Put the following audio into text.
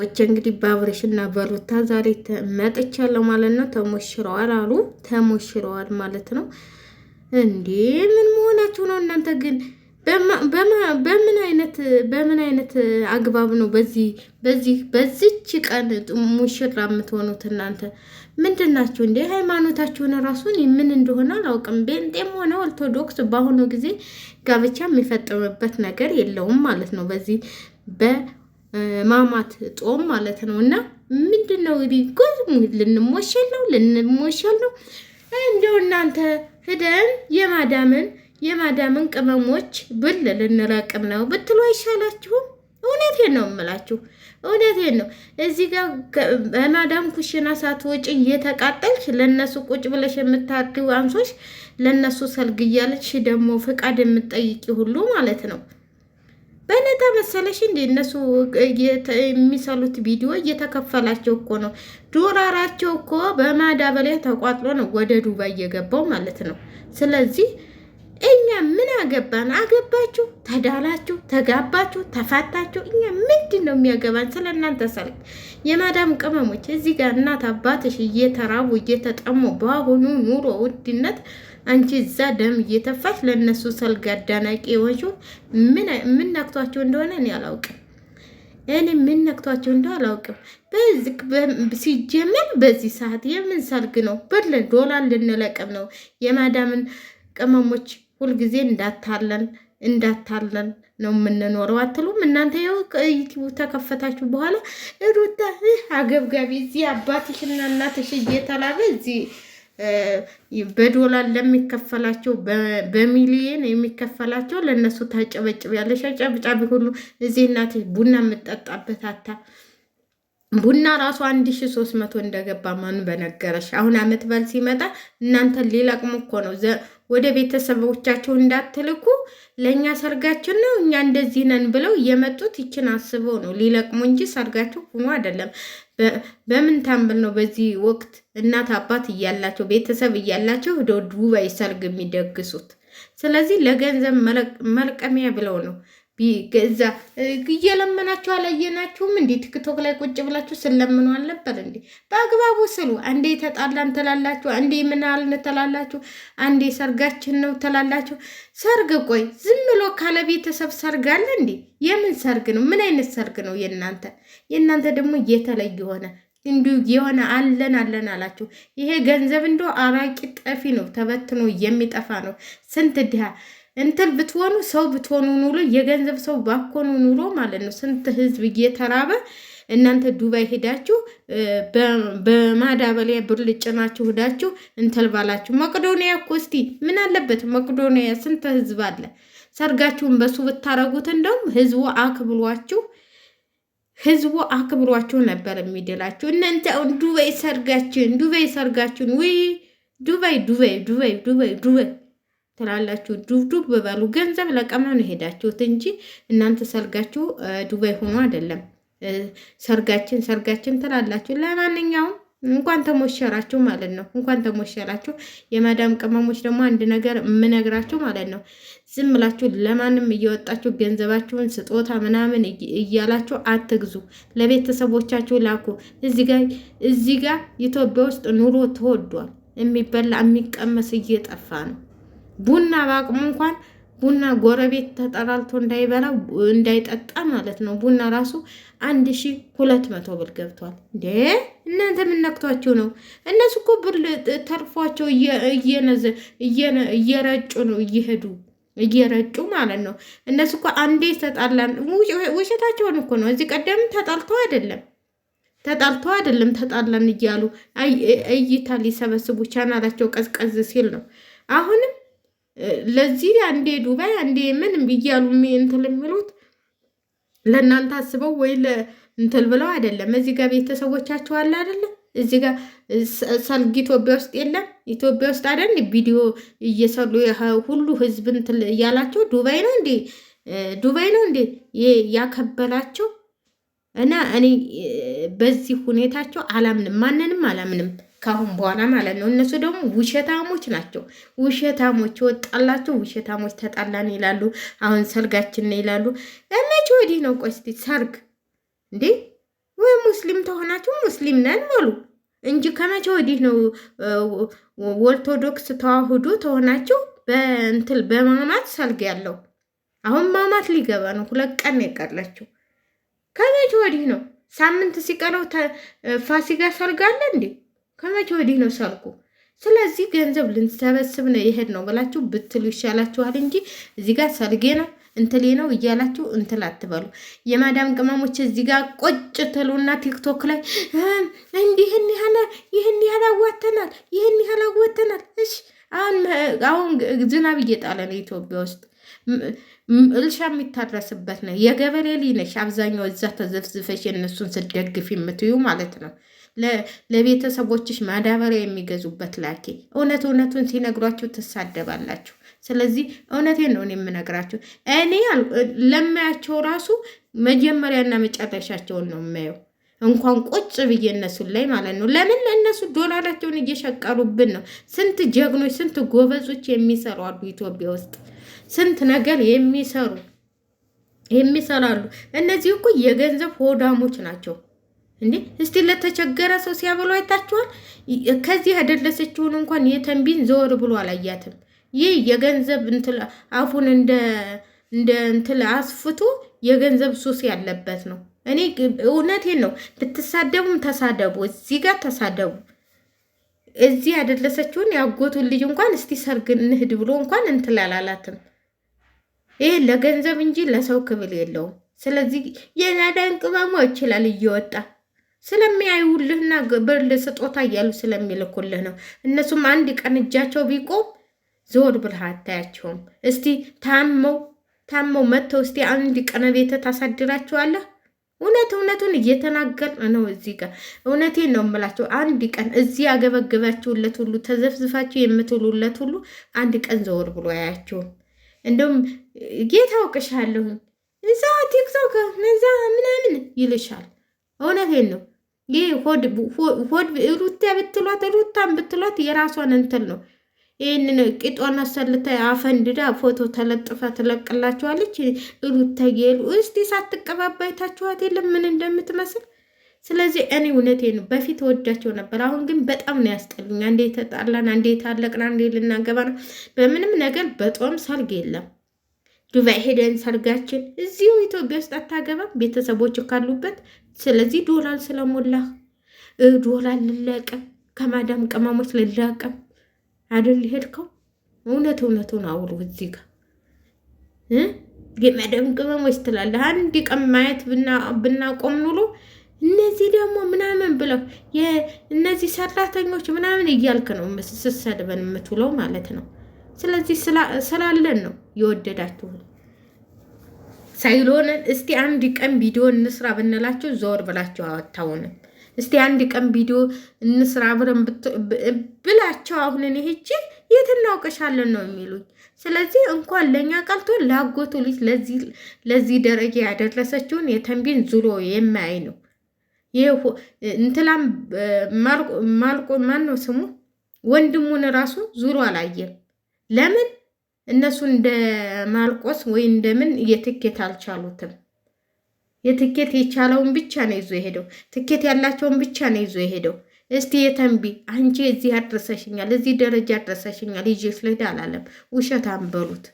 ዎች እንግዲህ በአብርሽ እና በሩታ ዛሬ መጥቻለሁ ማለት ነው። ተሞሽረዋል አሉ ተሞሽረዋል ማለት ነው። እንዴ ምን መሆናችሁ ነው እናንተ? ግን በምን አይነት በምን አይነት አግባብ ነው በዚህ በዚህ በዚች ቀን ሙሽራ የምትሆኑት እናንተ ምንድን ናችሁ እንዴ? ሃይማኖታችሁን ራሱን ምን እንደሆነ አላውቅም። ቤንጤም ሆነ ኦርቶዶክስ በአሁኑ ጊዜ ጋብቻ የሚፈጥምበት ነገር የለውም ማለት ነው በዚህ ማማት ጾም ማለት ነው። እና ምንድን ነው ቢጎዝ ልንሞሸል ነው ልንሞሸል ነው። እንደው እናንተ ሂደን የማዳምን የማዳምን ቅመሞች ብል ልንረቅም ነው ብትሉ አይሻላችሁም? እውነቴን ነው የምላችሁ፣ እውነቴን ነው። እዚህ ጋር በማዳም ኩሽና ሳትወጪ እየተቃጠልሽ ለእነሱ ቁጭ ብለሽ የምታርጊው አንሶች ለእነሱ ሰልግ እያለች ደግሞ ፍቃድ የምጠይቂ ሁሉ ማለት ነው። በነታ መሰለሽ እንደ እነሱ የሚሰሉት ቪዲዮ እየተከፈላቸው እኮ ነው። ዶላራቸው እኮ በማዳበሪያ ተቋጥሎ ነው ወደ ዱባይ እየገባው ማለት ነው። ስለዚህ እኛ ምን አገባን? አገባችሁ፣ ተዳላችሁ፣ ተጋባችሁ፣ ተፋታችሁ፣ እኛ ምንድን ነው የሚያገባን? ስለ እናንተ ሰልክ የማዳም ቅመሞች እዚህ ጋር እናት አባትሽ እየተራቡ እየተጠሙ በአሁኑ ኑሮ ውድነት አንቺ እዛ ደም እየተፋሽ ለእነሱ ሰልግ አዳናቂዎቹ ምን ምን ነክቷቸው እንደሆነ እኔ አላውቅም። እኔ ምን ነክቷቸው እንደሆነ አላውቅም። በዚህ ሲጀመር በዚህ ሰዓት የምን ሰልግ ነው? በለ ዶላር ልንለቅም ነው። የማዳምን ቅመሞች ሁልጊዜ እንዳታለን እንዳታለን ነው የምንኖረው አትሉም እናንተ? ይኸው ዩቲዩብ ተከፈታችሁ በኋላ ሩታ አገብጋቢ እዚህ አባትሽና እናትሽ እየተላለ እዚህ በዶላር ለሚከፈላቸው በሚሊየን የሚከፈላቸው ለእነሱ ታጨበጭብ ያለሽ አጨብጫቢ ሁሉ እዚህ እናት ቡና የምጠጣበት አታ ቡና ራሱ አንድ ሺ ሶስት መቶ እንደገባ ማን በነገረሽ። አሁን አመት በል ሲመጣ እናንተ ሊለቅሙ እኮ ነው። ወደ ቤተሰቦቻቸው እንዳትልኩ፣ ለእኛ ሰርጋችን ነው እኛ እንደዚህ ነን ብለው የመጡት ይችን አስበው ነው ሊለቅሙ እንጂ ሰርጋቸው ሆኖ አይደለም። በምን ታምብል ነው በዚህ ወቅት እናት አባት እያላቸው ቤተሰብ እያላቸው ወደ ዱባይ ሰርግ የሚደግሱት? ስለዚህ ለገንዘብ መልቀሚያ ብለው ነው ቢገዛ እየለመናችሁ አላየናችሁም እንዴ? ቲክቶክ ላይ ቁጭ ብላችሁ ስለምኑ አልነበር እንዴ? በአግባቡ ስሉ። አንዴ ተጣላን ትላላችሁ፣ አንዴ ምናልን ትላላችሁ፣ አንዴ ሰርጋችን ነው ትላላችሁ። ሰርግ ቆይ ዝም ብሎ ካለ ቤተሰብ ሰርግ አለ እንዴ? የምን ሰርግ ነው? ምን አይነት ሰርግ ነው የእናንተ? የእናንተ ደግሞ እየተለየ ሆነ። እንዲ የሆነ አለን አለን አላችሁ። ይሄ ገንዘብ እንደ አራቂ ጠፊ ነው፣ ተበትኖ የሚጠፋ ነው። ስንት ድሃ እንትን ብትሆኑ ሰው ብትሆኑ ኑሮ የገንዘብ ሰው ባኮኑ ኑሮ ማለት ነው። ስንት ህዝብ እየተራበ እናንተ ዱባይ ሄዳችሁ በማዳበሊያ ብር ልጭናችሁ ሄዳችሁ እንትን ባላችሁ። መቅዶኒያ እኮ እስቲ ምን አለበት መቅዶኒያ ስንት ህዝብ አለ። ሰርጋችሁን በሱ ብታረጉት እንደውም ህዝቡ አክብሏችሁ ህዝቡ አክብሯችሁ ነበር የሚድላችሁ እናንተ ዱባይ ሰርጋችን ዱባይ ሰርጋችን ውይ ዱባይ ዱባይ ዱባይ ዱባይ ዱባይ ትላላችሁ ዱብዱብ በበሉ ገንዘብ ለቀማ ነው ሄዳችሁት እንጂ እናንተ ሰርጋችሁ ዱባይ ሆኖ አይደለም። ሰርጋችን ሰርጋችን ትላላችሁ። ለማንኛውም እንኳን ተሞሸራችሁ ማለት ነው። እንኳን ተሞሸራችሁ። የማዳም ቅመሞች ደግሞ አንድ ነገር የምነግራችሁ ማለት ነው፣ ዝም ብላችሁ ለማንም እየወጣችሁ ገንዘባችሁን ስጦታ ምናምን እያላችሁ አትግዙ። ለቤተሰቦቻችሁ ላኩ። እዚህ ጋ ኢትዮጵያ ውስጥ ኑሮ ተወዷል። የሚበላ የሚቀመስ እየጠፋ ነው። ቡና በአቅሙ እንኳን ቡና ጎረቤት ተጠራልቶ እንዳይበላ እንዳይጠጣ ማለት ነው። ቡና ራሱ አንድ ሺ ሁለት መቶ ብር ገብቷል። እንዴ እናንተ የምነክቷቸው ነው? እነሱ እኮ ብር ተርፏቸው እየረጩ ነው እየሄዱ እየረጩ ማለት ነው። እነሱ እኮ አንዴ ተጣላን፣ ውሸታቸውን እኮ ነው። እዚህ ቀደም ተጣልተው አይደለም ተጣልተው አይደለም ተጣላን እያሉ እይታ ሊሰበስቡ ቻናላቸው ቀዝቀዝ ሲል ነው አሁንም ለዚህ አንዴ ዱባይ አንዴ ምን እያሉ እንትን የሚሉት ለእናንተ አስበው ወይ እንትን ብለው አይደለም። እዚህ ጋር ቤተሰቦቻቸው አለ አይደለም። እዚህ ጋር ሰልግ ኢትዮጵያ ውስጥ የለም። ኢትዮጵያ ውስጥ አይደል ቪዲዮ እየሰሉ ሁሉ ህዝብ እንትን እያላቸው ዱባይ ነው እንዴ? ዱባይ ነው እንዴ ያከበላቸው? እና እኔ በዚህ ሁኔታቸው አላምንም፣ ማንንም አላምንም። ካሁን በኋላ ማለት ነው። እነሱ ደግሞ ውሸታሞች ናቸው። ውሸታሞች ወጣላቸው፣ ውሸታሞች ተጣላን ይላሉ። አሁን ሰርጋችን ነው ይላሉ። መቼ ወዲህ ነው? ቆይ እስኪ ሰርግ እንዴ? ወይ ሙስሊም ተሆናችሁ ሙስሊም ነን በሉ እንጂ ከመቼ ወዲህ ነው ኦርቶዶክስ ተዋህዶ ተሆናችሁ በእንትል በማማት ሰርግ ያለው? አሁን ማማት ሊገባ ነው። ሁለት ቀን የቀረችው ከመቼ ወዲህ ነው? ሳምንት ሲቀረው ፋሲካ ሰርግ አለ እንዴ? ከመቼ ወዲህ ነው ሰርጉ? ስለዚህ ገንዘብ ልንሰበስብ ነው ይሄድ ነው ብላችሁ ብትሉ ይሻላችኋል እንጂ እዚህ ጋር ሰርጌ ነው እንትሌ ነው እያላችሁ እንትል አትበሉ። የማዳም ቅመሞች እዚህ ጋር ቁጭ ትሉና ቲክቶክ ላይ እንዲህን ያህል ይህን ያህል አዋተናል፣ ይህን ያህል አዋተናል። እሺ አሁን አሁን ዝናብ እየጣለ ነው ኢትዮጵያ ውስጥ እልሻ የሚታረስበት ነው። የገበሬ ልጅ ነሽ አብዛኛው እዛ ተዘፍዝፈሽ የእነሱን ስደግፍ የምትዩ ማለት ነው። ለቤተሰቦችሽ ማዳበሪያ የሚገዙበት ላኪ። እውነት እውነቱን ሲነግሯችሁ ትሳደባላችሁ። ስለዚህ እውነቴን ነው የምነግራችሁ። እኔ ለማያቸው ራሱ መጀመሪያና መጨረሻቸውን ነው የማየው። እንኳን ቁጭ ብዬ እነሱን ላይ ማለት ነው። ለምን ለእነሱ ዶላራቸውን እየሸቀሉብን ነው። ስንት ጀግኖች፣ ስንት ጎበዞች የሚሰሩ አሉ ኢትዮጵያ ውስጥ ስንት ነገር የሚሰሩ የሚሰራሉ። እነዚህ እኮ የገንዘብ ሆዳሞች ናቸው። እንዴ እስቲ ለተቸገረ ሰው ሲያበሉ አይታችኋል? ከዚህ ያደረሰችውን እንኳን የተንቢን ዘወር ብሎ አላያትም። ይህ የገንዘብ አፉን እንደ እንደ አስፍቶ የገንዘብ ሱስ ያለበት ነው። እኔ እውነቴን ነው። ብትሳደቡም ተሳደቡ፣ እዚህ ጋር ተሳደቡ። እዚህ ያደረሰችውን ያጎቱን ልጅ እንኳን እስቲ ሰርግ እንሂድ ብሎ እንኳን እንትል አላላትም። ይህ ለገንዘብ እንጂ ለሰው ክብል የለውም። ስለዚህ የናዳን ቅመሞ ይችላል እየወጣ ስለሚያዩልህና ብር ስጦታ እያሉ ስለሚልኩልህ ነው። እነሱም አንድ ቀን እጃቸው ቢቆም ዘወር ብልህ አታያቸውም። እስቲ ታመው ታመው መጥተው እስቲ አንድ ቀን ቤተ ታሳድራቸዋለህ። እውነት እውነቱን እየተናገር ነው። እዚህ ጋር እውነቴን ነው የምላቸው። አንድ ቀን እዚህ ያገበገባችሁለት ሁሉ ተዘፍዝፋችሁ የምትውሉለት ሁሉ አንድ ቀን ዘወር ብሎ አያቸውም። እንደውም ጌታ አውቅሻለሁ እዛ ቲክቶክ እዛ ምናምን ይልሻል። እውነቴን ነው። ይህ ሆድ ሩታ ብትሏት ሩታን ብትሏት የራሷን እንትን ነው። ይህንን ቂጧን አሰልታ አፈንድዳ ፎቶ ተለጥፋ ትለቅላችኋለች። ሩታ የሉ እስቲ ሳትቀባባይታችኋት የለም ምን እንደምትመስል። ስለዚህ እኔ እውነቴ ነው፣ በፊት ወዳቸው ነበር። አሁን ግን በጣም ነው ያስጠሉኝ። አንዴ ተጣላን፣ አንዴ ታለቅና፣ አንዴ ልናገባ ነው። በምንም ነገር በጦም ሰርግ የለም። ዱባይ ሄደን ሰርጋችን እዚሁ ኢትዮጵያ ውስጥ አታገባም ቤተሰቦች ካሉበት ስለዚህ ዶላር ስለሞላ ዶላር ልለቅም ከማዳም ቅመሞች ልላቅም አይደል ሄድከው። እውነት እውነቱን አውሩ። እዚህ ጋር የመደም ቅመሞች ትላለህ። አንድ ቀን ማየት ብናቆም ኑሮ እነዚህ ደግሞ ምናምን ብለው እነዚህ ሰራተኞች ምናምን እያልክ ነው ስሰድበን የምትውለው ማለት ነው። ስለዚህ ስላለን ነው የወደዳችሁን ሳይሎንን እስቲ አንድ ቀን ቪዲዮ እንስራ ብንላቸው ዞር ብላቸው አታውንም። እስቲ አንድ ቀን ቪዲዮ እንስራ ብለን ብላቸው አሁንን እኔ የት እናውቀሻለን ነው የሚሉኝ። ስለዚህ እንኳን ለእኛ ቀልቶ ላጎቱ ልጅ ለዚህ ደረጃ ያደረሰችውን የተንቢን ዙሎ የማይ ነው። እንትላም ማልቆ ማን ነው ስሙ ወንድሙን ራሱ ዙሮ አላየም። ለምን እነሱ እንደ ማርቆስ ወይ እንደምን የትኬት አልቻሉትም። የትኬት የቻለውን ብቻ ነው ይዞ የሄደው። ትኬት ያላቸውን ብቻ ነው ይዞ የሄደው። እስቲ የተንቢ አንቺ እዚህ አድረሰሽኛል፣ እዚህ ደረጃ አድረሰሽኛል፣ ይዤ ስለሄድ አላለም። ውሸት አንበሉት።